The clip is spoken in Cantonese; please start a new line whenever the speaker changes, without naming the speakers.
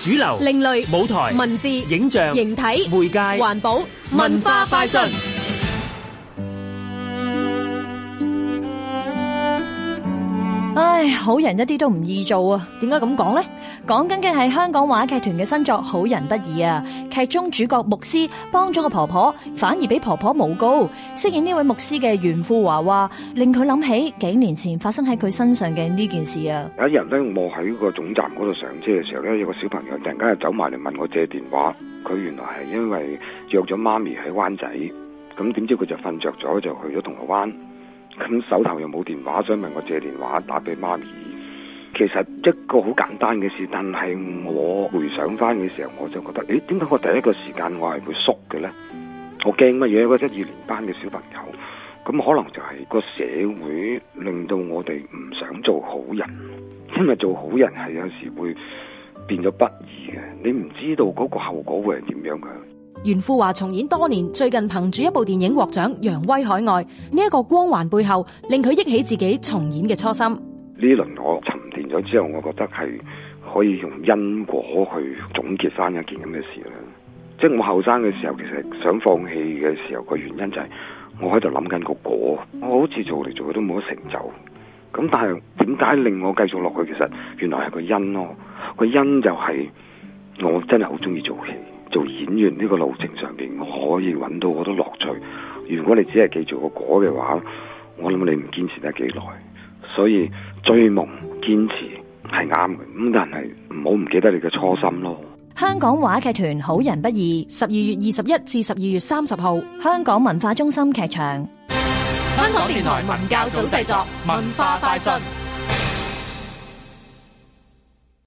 主流、另類、舞台、文字、影像、形
體、媒介、環保、文
化、快訊。
唉，好人一啲都唔易做啊！點解咁講咧？講緊嘅係香港話劇團嘅新作《好人不易》啊！劇中主角牧師幫咗個婆婆，反而俾婆婆誣告。飾演呢位牧師嘅袁富華話，令佢諗起幾年前發生喺佢身上嘅呢件事啊！有
一日咧，我喺個總站嗰度上車嘅時候咧，有個小朋友突然間就走埋嚟問我借電話。佢原來係因為約咗媽咪喺灣仔，咁點知佢就瞓着咗，就去咗銅鑼灣。咁手頭又冇電話，想問我借電話打俾媽咪。其實一個好簡單嘅事，但係我回想翻嘅時候，我就覺得，誒，點解我第一個時間我係會縮嘅呢？我驚乜嘢？一二年班嘅小朋友，咁可能就係個社會令到我哋唔想做好人，因為做好人係有時會變咗不易嘅。你唔知道嗰個後果會係點樣㗎。
袁富華重演多年，最近憑住一部電影獲獎，揚威海外。呢一個光環背後，令佢憶起自己重演嘅初心。
呢輪我沉澱咗之後，我覺得係可以用因果去總結翻一件咁嘅事啦。即係我後生嘅時候，其實想放棄嘅時候，個原因就係我喺度諗緊個果，我好似做嚟做去都冇乜成就。咁但係點解令我繼續落去？其實原來係個因咯。個因就係我真係好中意做戲。做演員呢個路程上邊，可以搵到好多樂趣。如果你只係記住個果嘅話，我諗你唔堅持得幾耐。所以追夢堅持係啱嘅，咁但係唔好唔記得你嘅初心咯。
香港話劇團好人不易，十二月二十一至十二月三十號，香港文化中心劇場。
香港電台文教組製作，文化快訊。